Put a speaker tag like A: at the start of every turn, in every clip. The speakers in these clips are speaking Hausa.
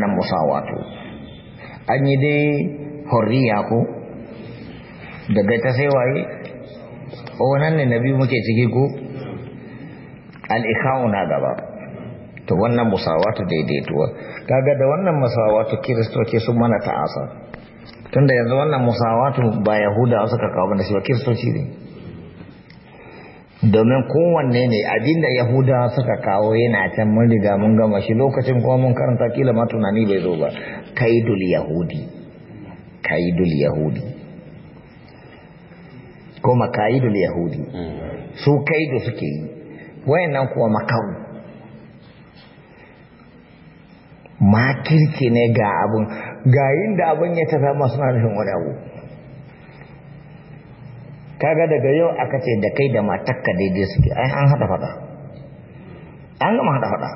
A: nan musawatu an yi dai horiya ko daga ta sai waye wannan ne nabi muke ciki ko al-ikhau na gaba to wannan musawatu daidaituwa kaga da wannan musawatu kiristoci sun mana ta'asa tunda yanzu wannan musawatu ba yahuda suka kawo mana shi ba kiristoci ne domin kowanne ne abinda Yahuda suka kawo yana can mun riga mun gama shi lokacin kuma mun karanta kila ma tunani bai zo ba kaidul yahudi kaidul yahudi ko makaidul yahudi su kaidu suke yi wayannan kuwa makaru makirki ne ga abun ga yin da abun ya tafi masu na nufin wani abu kaga daga yau aka ce da kai da matakka daidai suke ai an hada fada an gama hada fada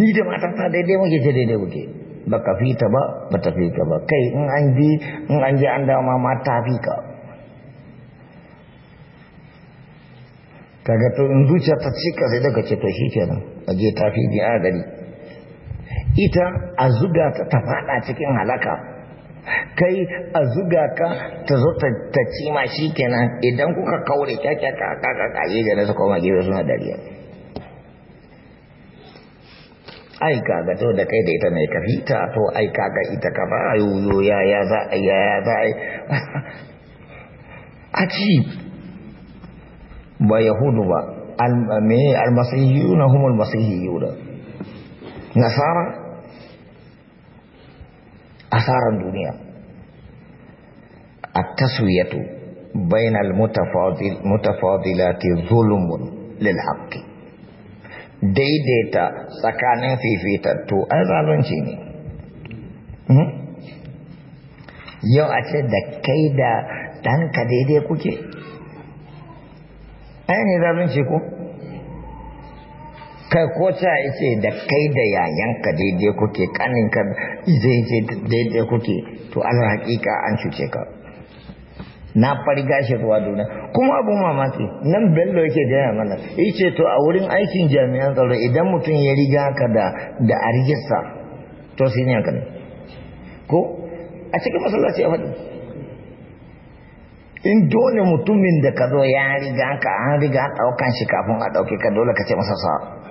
A: ni da matakka daidai muke ce daidai muke ba ka fi ta ba ba ta fi ka ba kai in an bi in an je an dawo ma ta fi ka kaga to in zuciya ta cika sai daga ce to shi kenan a je ta fi biya gari ita a zuga ta ta fada cikin halaka kai a zuga ka ta zo ta ci ma shi kenan idan kuka kaure kyakkyaka kakaka yi da nasu koma gefe suna dariya ai kaga to da kai da ita mai kafi ta to ai kaga ita ka ba yoyo ya ya za a ya ya za a a ci ba yahudu ba al-masihiyu na humul masihiyu da nasara asaran duniya a taswiyatu bainal mutafadil mutafadilati zulmun lil haqqi daidaita tsakanin fifitattu ai zalunci ne hmm? yau a ce da kai da ɗanka daidai kuke ai zalunci ko kai ko ta ce da kai da yayanka daidai kuke kaninka daidai kuke to an hakika an cuce ka na farga shi ruwa duniya kuma abu mamaki nan bello yake gaya mana yace to a wurin aikin jami'an tsaro idan mutum ya riga ka da da a to sai ne ne ko a cikin masallaci a faɗi in dole mutumin da ka zo ya riga ka an riga ɗaukan shi kafin a ɗauke ka dole ka ce masa sa'a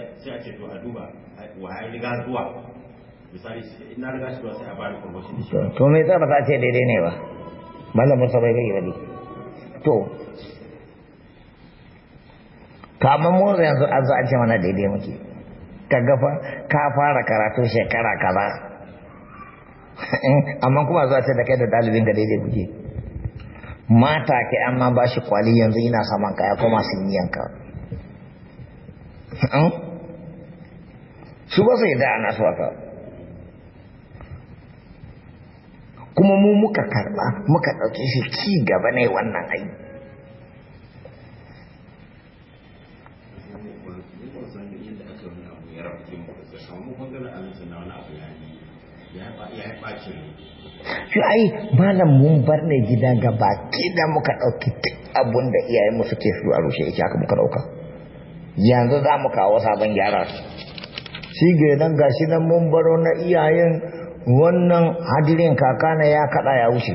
A: sai a ce to a duba wa ya riga zuwa misali in na riga zuwa sai a bani promotion shi to me yasa ba za ce daidai ne ba mallam sa bai bai wani to kamar mu yanzu an za a ce mana daidai muke ka gafa ka fara karatu shekara kaza amma kuma za ce da kai da dalibin da daidai kuke mata ke amma ba shi kwali yanzu ina saman kaya kuma sun yi yanka su ba da yadda ana su kuma mu muka karba muka ɗauke shi ci gaba ne wannan ai shi ai malam mun bar ne gida gaba ki da muka ɗauki duk abun da iyayenmu suke su a rushe ka. aka muka ɗauka yanzu za mu kawo sabon gyara shi ga nan gashi nan mun baro na iyayen wannan hadirin kaka na ya kaɗa ya wuce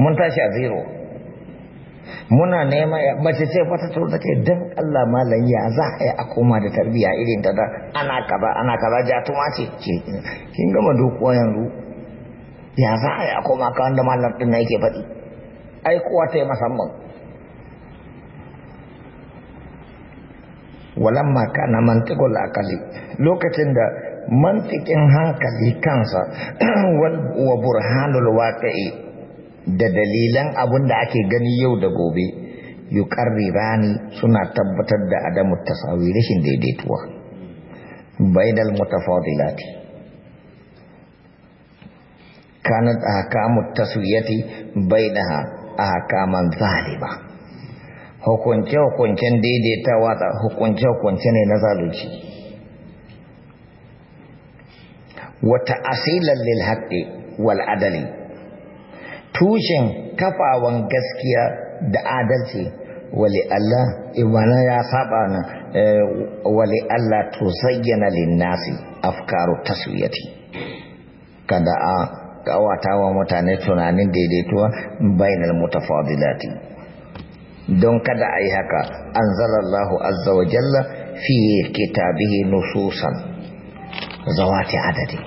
A: mun tashi a zero muna nema mace ce wata to take dan Allah malam ya za a yi akoma da tarbiyya irin ta da ana kaza ana kaza tuma ce kin gama dokuwa yanzu ya za a yi akoma kawai da din na yake faɗi ai kowa ta yi musamman walamma kana mantiqul akali lokacin da mantiqin hankali kansa wal wa burhanul waqi'i da dalilan abun da ake gani yau da gobe yuqarrirani suna tabbatar da adamu tasawi rashin daidaituwa bainal mutafadilati kanat ahkamu taswiyati bainaha ahkaman zaliba hukunce-hukuncen daidaitawa da hukunce-hukunce ne na zalunci wata asilan lil wal adali tushen kafawan gaskiya da adalci wale Allah imana ya saba na eh, wale Allah to zayyana linnasi afkaru taswiyati kada a kawata wa mutane tunanin daidaituwa bainal mutafadilati don kada a yi haka an zalallahu azza wa jalla fi kitabihi nususan zawati adadi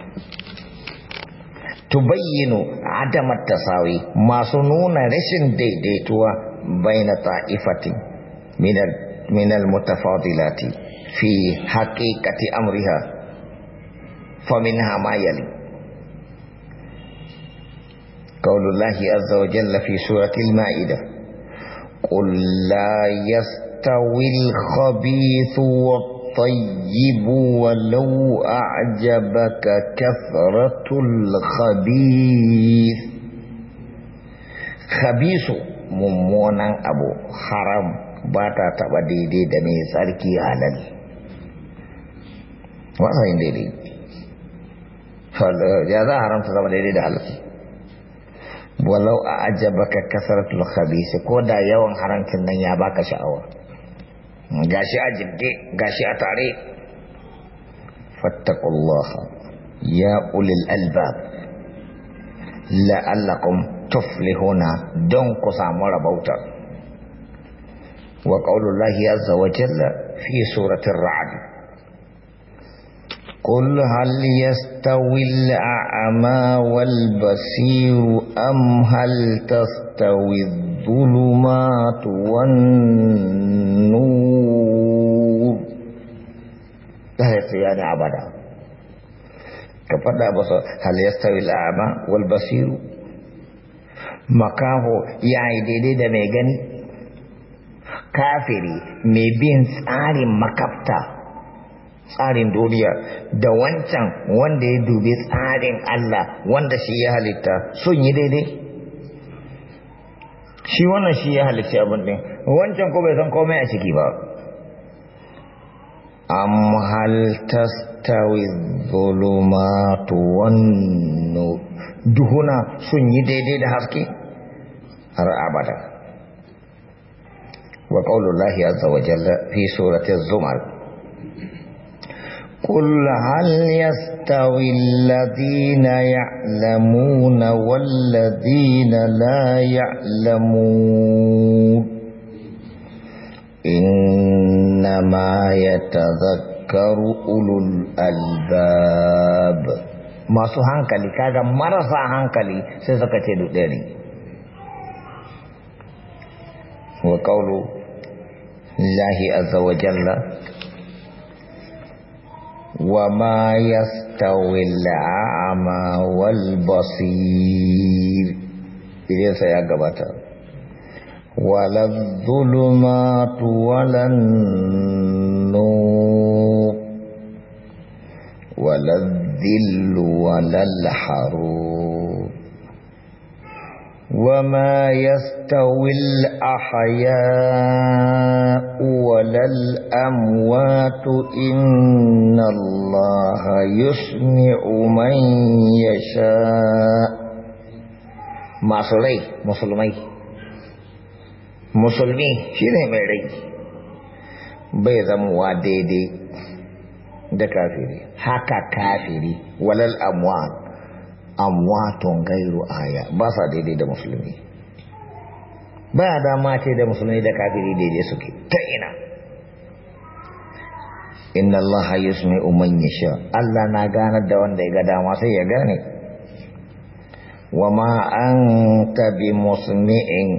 A: tubayyinu adamat tasawi masu nuna rashin daidaituwa baina ta'ifatin minal minal mutafadilati fi haqiqati amriha faminha ma yali قول الله عز وجل في سورة المائدة قل لا يستوي الخبيث والطيب ولو أعجبك كثرة الخبيث خبيث ممونا أبو حرام باتا تبدي دي دمي ساركي عالل وصحين دي دي فالجازة حرام تبدي دي دي walau a baka kasaratul khabisi ko da yawan haramcin nan ya baka sha'awa gashi a jibge gashi a tare fattakullaha ya ulil albab la'allakum tuflihuna don ku samu rabauta wa qaulullahi azza wa jalla fi suratir ra'd قل هل يستوي الأعمى والبصير أم هل تستوي الظلمات والنور تهيت يعني عبدا kepada bahasa hal yastawil a'ma wal basir maka ho yayi daidai da mai gani kafiri mai bin tsarin makafta tsarin duniya da wancan wanda ya dubi tsarin Allah wanda shi ya halitta sun yi daidai shi wannan shi ya halitta abin ne wancan ko bai san komai a ciki ba am hal tastawi zulumatu wan duhuna sun yi daidai da haske har abada wa qaulullahi azza wa jalla fi surati az-zumar قل هل يستوي الذين يعلمون والذين لا يعلمون إنما يتذكر أولو الألباب ما سهان كلي كاغا سوحانك هان كلي تيدو دوديني وقول الله عز وجل وما يستوي الأعمى والبصير إذا سيقبت ولا الظلمات ولا النور ولا الذل ولا الحروب وما يستوي الأحياء ولا الأموات إن الله يسمع من يشاء ما صلي مسلمي مسلمي شنو مري بيضا مواديدي دي دكافري حكا كافري ولا الأموات amwaton gairu aya ba sa daidai da musulmi ba ya dama ce da musulmi da kafiri daidai suke ta ina inna Allah yusmi'u man sha Allah na ganar da wanda ya ga dama sai ya gane wa ma ka bi musmi'in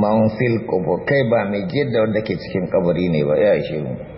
A: man fil qubur kai ba mai jidda wanda ke cikin kabari ne ba ya ishe mu